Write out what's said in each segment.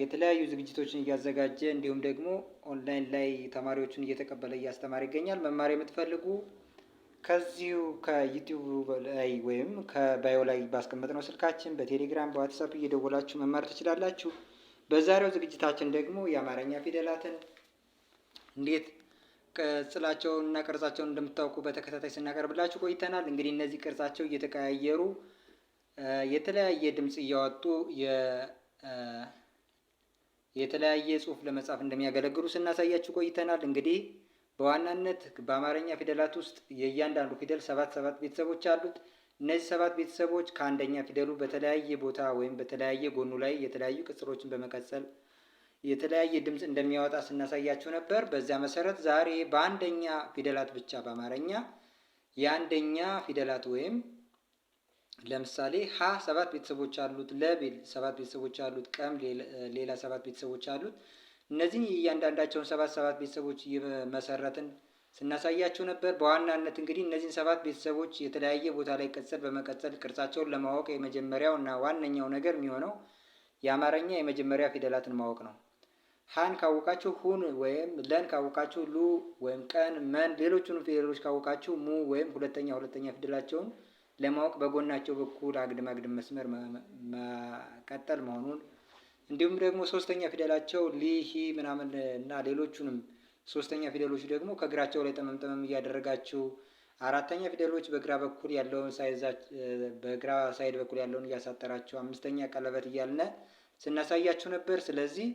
የተለያዩ ዝግጅቶችን እያዘጋጀ እንዲሁም ደግሞ ኦንላይን ላይ ተማሪዎችን እየተቀበለ እያስተማረ ይገኛል። መማር የምትፈልጉ ከዚሁ ከዩቲዩብ ላይ ወይም ከባዮ ላይ ባስቀመጥነው ስልካችን በቴሌግራም በዋትሳፕ እየደወላችሁ መማር ትችላላችሁ። በዛሬው ዝግጅታችን ደግሞ የአማርኛ ፊደላትን እንዴት ቅጽላቸውን እና ቅርጻቸውን እንደምታውቁ በተከታታይ ስናቀርብላችሁ ቆይተናል። እንግዲህ እነዚህ ቅርጻቸው እየተቀያየሩ የተለያየ ድምፅ እያወጡ የተለያየ ጽሁፍ ለመጻፍ እንደሚያገለግሉ ስናሳያችሁ ቆይተናል። እንግዲህ በዋናነት በአማርኛ ፊደላት ውስጥ የእያንዳንዱ ፊደል ሰባት ሰባት ቤተሰቦች አሉት። እነዚህ ሰባት ቤተሰቦች ከአንደኛ ፊደሉ በተለያየ ቦታ ወይም በተለያየ ጎኑ ላይ የተለያዩ ቅጽሮችን በመቀጸል የተለያየ ድምፅ እንደሚያወጣ ስናሳያችሁ ነበር። በዚያ መሰረት ዛሬ በአንደኛ ፊደላት ብቻ በአማርኛ የአንደኛ ፊደላት ወይም ለምሳሌ ሀ ሰባት ቤተሰቦች አሉት፣ ለቤል ሰባት ቤተሰቦች አሉት፣ ቀም ሌላ ሰባት ቤተሰቦች አሉት። እነዚህን እያንዳንዳቸውን ሰባት ሰባት ቤተሰቦች እየመሰረትን ስናሳያቸው ነበር። በዋናነት እንግዲህ እነዚህን ሰባት ቤተሰቦች የተለያየ ቦታ ላይ ቅጽል በመቀጠል ቅርጻቸውን ለማወቅ የመጀመሪያው እና ዋነኛው ነገር የሚሆነው የአማርኛ የመጀመሪያ ፊደላትን ማወቅ ነው። ሀን ካወቃችሁ ሁን ወይም ለን ካወቃችሁ ሉ ወይም ቀን፣ መን ሌሎቹን ፊደሎች ካወቃችሁ ሙ ወይም ሁለተኛ ሁለተኛ ፊደላቸውን ለማወቅ በጎናቸው በኩል አግድም አግድም መስመር መቀጠል መሆኑን እንዲሁም ደግሞ ሶስተኛ ፊደላቸው ሊሂ ምናምን እና ሌሎቹንም ሶስተኛ ፊደሎች ደግሞ ከእግራቸው ላይ ጠመም ጠመም እያደረጋችሁ አራተኛ ፊደሎች በግራ በኩል ያለውን በግራ ሳይድ በኩል ያለውን እያሳጠራችሁ አምስተኛ ቀለበት እያልነ ስናሳያችሁ ነበር። ስለዚህ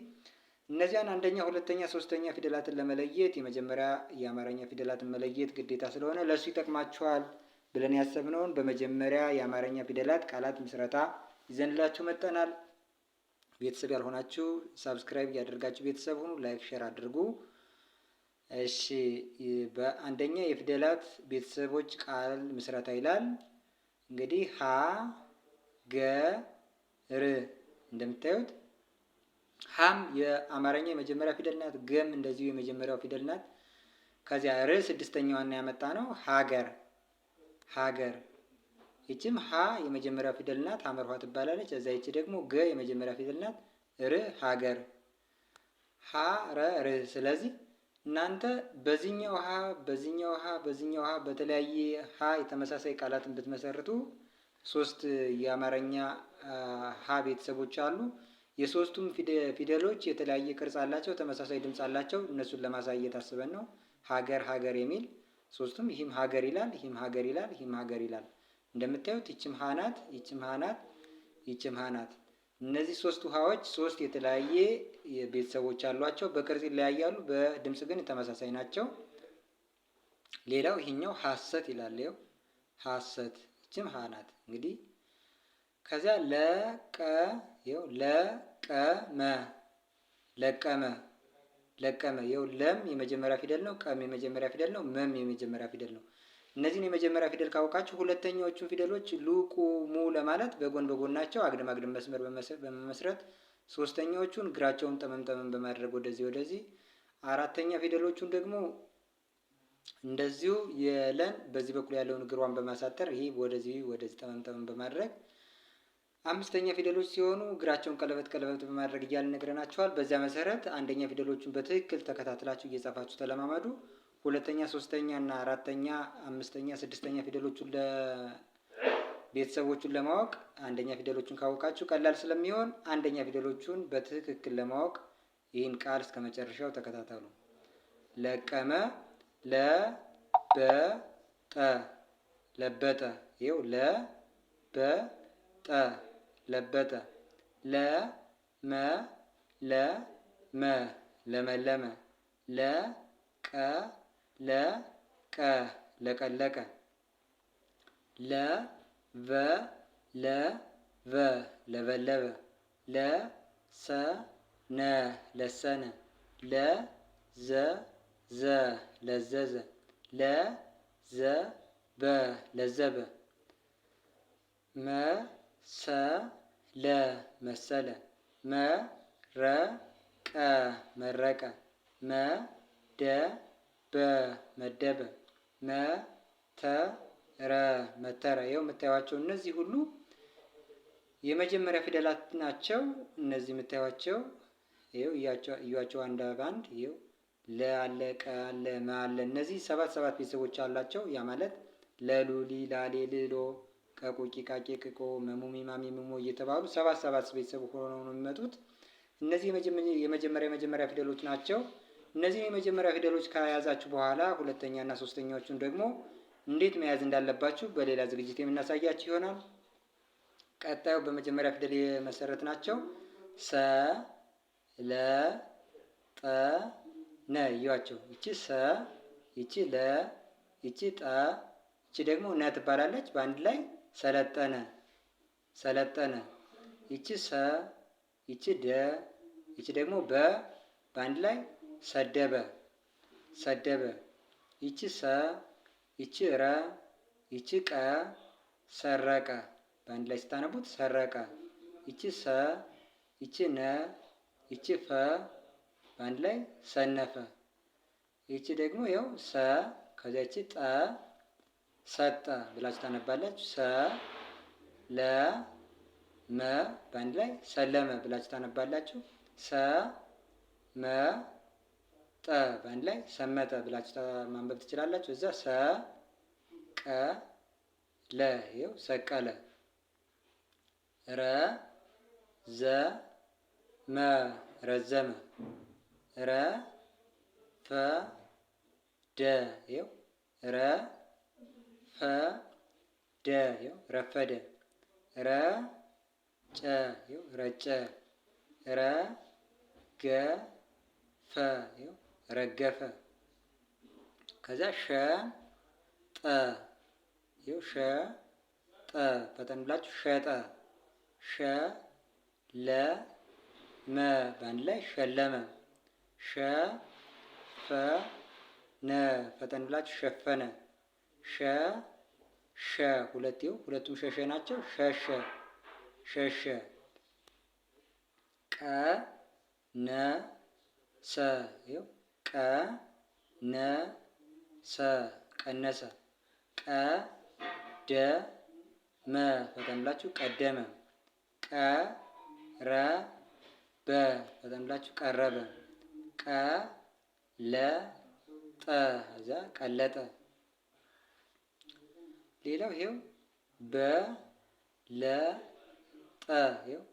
እነዚያን አንደኛ፣ ሁለተኛ፣ ሶስተኛ ፊደላትን ለመለየት የመጀመሪያ የአማርኛ ፊደላትን መለየት ግዴታ ስለሆነ ለእሱ ይጠቅማችኋል። ብለን ያሰብነውን በመጀመሪያ የአማርኛ ፊደላት ቃላት ምስረታ ይዘንላችሁ መጠናል። ቤተሰብ ያልሆናችሁ ሳብስክራይብ እያደርጋችሁ ቤተሰብ ሁኑ። ላይክ ሼር አድርጉ። እሺ፣ በአንደኛ የፊደላት ቤተሰቦች ቃል ምስረታ ይላል። እንግዲህ ሀ ገ ር እንደምታዩት ሀም የአማርኛ የመጀመሪያ ፊደል ናት። ገም እንደዚሁ የመጀመሪያው ፊደል ናት። ከዚያ ር ስድስተኛዋና ያመጣ ነው ሀገር ሀገር ይችም ሀ የመጀመሪያ ፊደል ናት፣ ሀመርኋ ትባላለች። እዛ ይቺ ደግሞ ገ የመጀመሪያ ፊደል ናት፣ ር ሀገር፣ ሀ ረ ር። ስለዚህ እናንተ በዚህኛው ሀ በዚህኛው ሀ በዚህኛው ሀ በተለያየ ሀ የተመሳሳይ ቃላትን ብትመሰርቱ ሶስት የአማርኛ ሀ ቤተሰቦች አሉ። የሶስቱም ፊደሎች የተለያየ ቅርጽ አላቸው፣ ተመሳሳይ ድምፅ አላቸው። እነሱን ለማሳየት አስበን ነው ሀገር ሀገር የሚል ሶስቱም ይህም ሀገር ይላል፣ ይህም ሀገር ይላል፣ ይህም ሀገር ይላል። እንደምታዩት ይችም ሀናት፣ ይችም ሀናት፣ ይችም ሀናት። እነዚህ ሶስት ውሃዎች ሶስት የተለያየ ቤተሰቦች አሏቸው። በቅርጽ ይለያያሉ፣ በድምፅ ግን ተመሳሳይ ናቸው። ሌላው ይሄኛው ሀሰት ይላል። ይኸው ሀሰት፣ ይችም ሀናት። እንግዲህ ከዚያ ለቀ፣ ይኸው ለቀመ፣ ለቀመ ለቀመ ይኸው ለም የመጀመሪያ ፊደል ነው። ቀም የመጀመሪያ ፊደል ነው። መም የመጀመሪያ ፊደል ነው። እነዚህን የመጀመሪያ ፊደል ካወቃችሁ ሁለተኛዎቹን ፊደሎች ሉቁ ሙ ለማለት በጎን በጎናቸው አግድም አግድም መስመር በመመስረት ሶስተኛዎቹን እግራቸውን ጠመም ጠመም በማድረግ ወደዚህ ወደዚህ፣ አራተኛ ፊደሎቹን ደግሞ እንደዚሁ የለን በዚህ በኩል ያለውን እግሯን በማሳጠር ይሄ ወደዚህ ወደዚህ ጠመም ጠመም በማድረግ አምስተኛ ፊደሎች ሲሆኑ እግራቸውን ቀለበት ቀለበት በማድረግ እያልን ነግረናቸዋል። በዚያ መሰረት አንደኛ ፊደሎቹን በትክክል ተከታትላችሁ እየጻፋችሁ ተለማመዱ። ሁለተኛ፣ ሶስተኛ እና አራተኛ፣ አምስተኛ፣ ስድስተኛ ፊደሎቹን ለቤተሰቦቹን ለማወቅ አንደኛ ፊደሎቹን ካወቃችሁ ቀላል ስለሚሆን አንደኛ ፊደሎቹን በትክክል ለማወቅ ይህን ቃል እስከ መጨረሻው ተከታተሉ። ለቀመ፣ ለበጠ፣ ለበጠ ይኸው ለበጠ لبتة لا ما لا ما لما لما لا كا لا كا لك لك لا ف لا ف لبلب لا س نا لسنا لا ز ز لزز لا ز ب لزب ما ሰ ለ መሰለ መ ረ ቀ መረቀ መ ደ በ መደበ መ ተ ረ መተረ። ይኸው የምታዩቸው እነዚህ ሁሉ የመጀመሪያ ፊደላት ናቸው። እነዚህ የምታዩቸው ይኸው እያቸው አንድ በአንድ ይኸው ለ አለ ቀ አለ መ አለ። እነዚህ ሰባት ሰባት ቤተሰቦች አላቸው። ያ ማለት ለሉሊ ላሌ ልሎ ቀቁቂ ቃቄ ቅቆ መሙሚ ማሚ ምሞ እየተባሉ ሰባት ሰባት ቤተሰብ ሆነው ነው የሚመጡት። እነዚህ የመጀመሪያ የመጀመሪያ ፊደሎች ናቸው። እነዚህ የመጀመሪያ ፊደሎች ከያዛችሁ በኋላ ሁለተኛና ሶስተኛዎቹን ደግሞ እንዴት መያዝ እንዳለባችሁ በሌላ ዝግጅት የምናሳያችሁ ይሆናል። ቀጣዩ በመጀመሪያ ፊደል የመሰረት ናቸው። ሰ ለ ጠ ነ እያቸው። ይቺ ሰ፣ ይቺ ለ፣ ይቺ ጠ፣ ይቺ ደግሞ ነ ትባላለች በአንድ ላይ ሰለጠነ ሰለጠነ ይቺ ሰ ይቺ ደ ይቺ ደግሞ በ በአንድ ላይ ሰደበ ሰደበ ይቺ ሰ ይቺ ረ ይቺ ቀ ሰረቀ በአንድ ላይ ስታነቡት ሰረቀ። ይቺ ሰ ይቺ ነ ይቺ ፈ በአንድ ላይ ሰነፈ። ይቺ ደግሞ ያው ሰ ከዚያ ይቺ ጠ ሰጠ ብላችሁ ታነባላችሁ። ሰ ለ መ በአንድ ላይ ሰለመ ብላችሁ ታነባላችሁ። ሰ መ ጠ በአንድ ላይ ሰመጠ ብላችሁ ማንበብ ትችላላችሁ። እዛ ሰ ቀ ለ ይኸው ሰቀለ ረ ዘ መ ረዘመ ረ ፈ ደ ይኸው ረ ፈደ ደ ረፈደ ረጨ ጨ ረጨ ረገፈ ፈ ረገፈ ከዛ ጠ ይኸው ጠ ፈጠን ብላችሁ ሸጠ ሸ መ በአንድ ላይ ሸለመ ነ ፈጠን ብላችሁ ሸፈነ ሸ ሸ ሁለቴው ሁለቱም ሸሸ ናቸው። ሸሸ ሸሸ ቀ ነ ሰ ይኸው ቀ ነ ሰ ቀነሰ ቀ ደ መ ፈተምላችሁ ቀደመ ቀ ረ በ ፈተምላችሁ ቀረበ ቀ ለ ጠ እዛ ቀለጠ ሌላው ይሄው ጠ ይሄው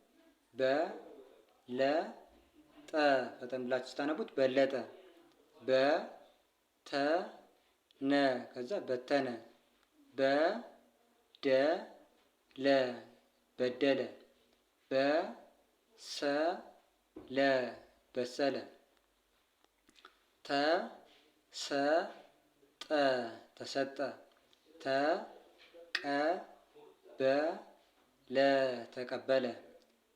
ጠ ፈጠን ብላችሁ ስታነቡት በለጠ ነ ከዛ በተነ በደለ ለ በሰለ ሰ ተሰጠ ተሰጠ ተ ተቀበለ ተቀበለ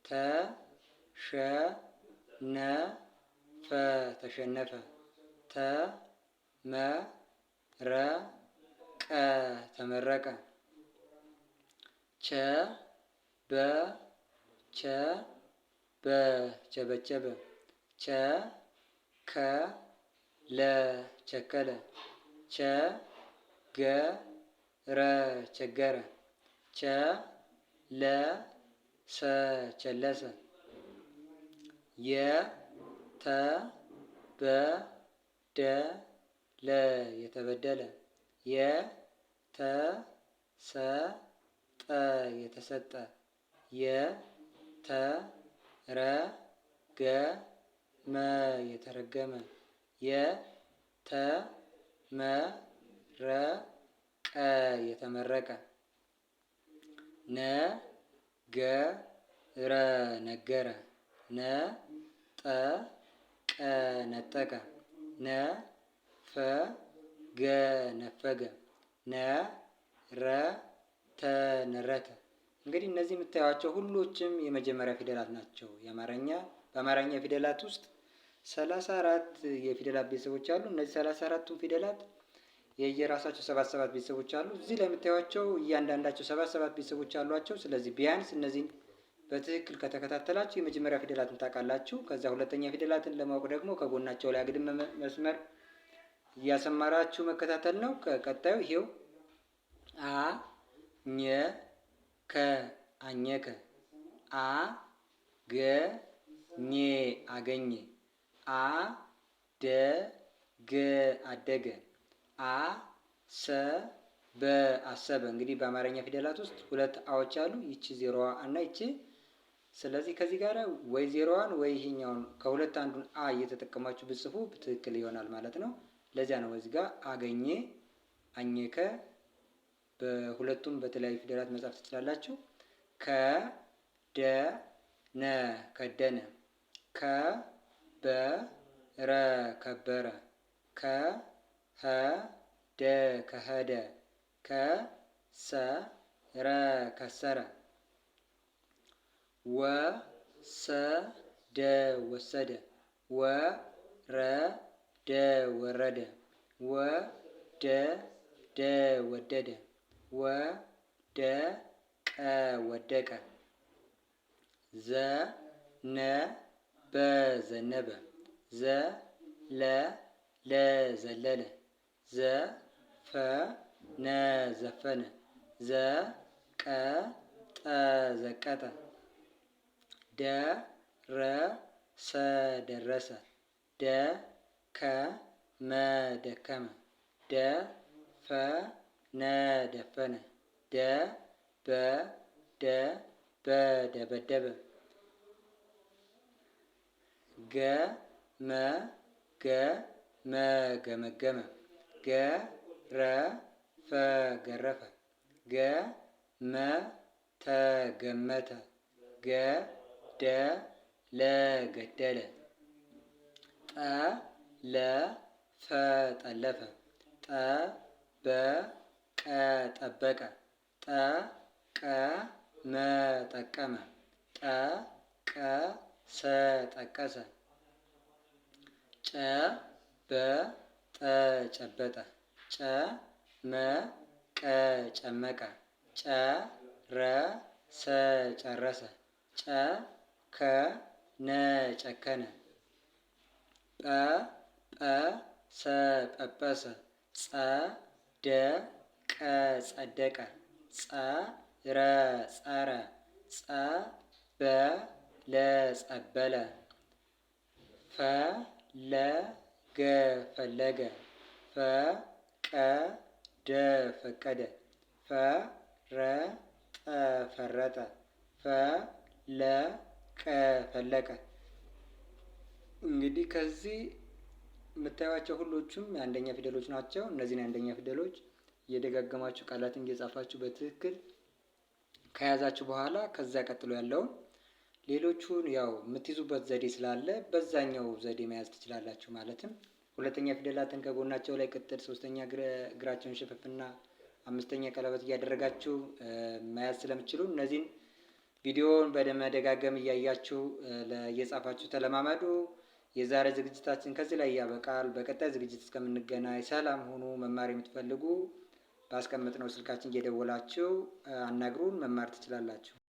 ተሸነፈ ተሸነፈ ተመረቀ ተመረቀ ቸበቸበ ቸበቸበ ቸከለ ቸ ገ ረ ቸገረ ቸ ለ ሰ ቸለሰ የ ተ በ ደ ለ የተበደለ የ ተ ሰ ጠ የተሰጠ የ ተ ረ ገ መ የተረገመ የ ተ መ ረ ቀ የተመረቀ ነ ገ ረ ነገረ ነ ጠ ቀ ነጠቀ ነ ፈ ገ ነፈገ ነ ረ ተ ነረተ እንግዲህ እነዚህ የምታዩቸው ሁሎችም የመጀመሪያ ፊደላት ናቸው። የአማርኛ በአማርኛ ፊደላት ውስጥ ሰላሳ አራት የፊደላት ቤተሰቦች አሉ። እነዚህ ሰላሳ አራቱን ፊደላት የየራሳቸው ሰባት ሰባት ቤተሰቦች አሉ። እዚህ ላይ እያንዳንዳቸው ሰባት ሰባት ቤተሰቦች አሏቸው። ስለዚህ ቢያንስ እነዚህን በትክክል ከተከታተላችሁ የመጀመሪያ ፊደላትን ታውቃላችሁ። ከዛ ሁለተኛ ፊደላትን ለማወቅ ደግሞ ከጎናቸው ላይ አግድም መስመር እያሰማራችሁ መከታተል ነው። ከቀጣዩ ይሄው አ ኘ ከ አኘከ አ ገ ኘ አገኘ አ ደ ገ አደገ አ ሰ በ አሰበ። እንግዲህ በአማርኛ ፊደላት ውስጥ ሁለት አዎች አሉ። ይቺ ዜሮዋ እና ይቺ ስለዚህ ከዚህ ጋር ወይ ዜሮዋን ወይ ይሄኛውን ከሁለት አንዱን አ እየተጠቀማችሁ ብጽፉ ትክክል ይሆናል ማለት ነው። ለዚያ ነው እዚህ ጋር አገኘ፣ አኘከ በሁለቱም በተለያዩ ፊደላት መጻፍ ትችላላችሁ። ከደነ በ ረ ከበረ ከ ኸ ደ ከኸደ ከ ሰ ረ ከሰረ ወ ሰ ደ ወሰደ ወ ረ ደ ወረደ ወ ደ ደ ወደደ ወ ደ ቀ ወደቀ ዘ ነ በ ዘነበ ዘ ለ ለ ዘለለ ዘፈነ ዘፈነ ዘቀጠ ዘቀጠ ደረሰ ደረሰ ደከመ ደከመ ደፈነ ደፈነ ደበደበ ደበደበ ገመገመ ገመገመ ገረፈ ገረፈ ገመተ ገመተ ገደለ ገደለ ጠለፈ ጠለፈ ጠበቀ ጠበቀ ጠቀመ ጠቀመ ጠቀሰ ጠቀሰ ጨበ ጠ ጨበጠ ጨ መ ቀ ጨመቀ ጨ ረ ሰ ጨረሰ ጨ ከ ነ ጨከነ ጰ ጰ ሰ ጰበሰ ጸ ደ ቀ ጸደቀ ጸ ረ ጸረ ጸ በ ለ ጸበለ ፈ ለ ገ ፈለገ ፈ ቀ ደ ፈቀደ ፈ ረ ጠ ፈረጠ ፈ ለ ቀ ፈለቀ። እንግዲህ ከዚህ የምታዩቸው ሁሎቹም የአንደኛ ፊደሎች ናቸው። እነዚህን የአንደኛ ፊደሎች እየደጋገማችሁ ቃላትን እየጻፋችሁ በትክክል ከያዛችሁ በኋላ ከዛ ቀጥሎ ያለውን ሌሎቹን ያው የምትይዙበት ዘዴ ስላለ በዛኛው ዘዴ መያዝ ትችላላችሁ። ማለትም ሁለተኛ ፊደላትን ከጎናቸው ላይ ቅጥል፣ ሶስተኛ እግራቸውን ሽፍፍና አምስተኛ ቀለበት እያደረጋችሁ መያዝ ስለምችሉ እነዚህን ቪዲዮውን በመደጋገም እያያችሁ እየጻፋችሁ ተለማመዱ። የዛሬ ዝግጅታችን ከዚህ ላይ ያበቃል። በቀጣይ ዝግጅት እስከምንገናኝ ሰላም ሁኑ። መማር የምትፈልጉ ባስቀመጥነው ስልካችን እየደወላችሁ አናግሩን። መማር ትችላላችሁ።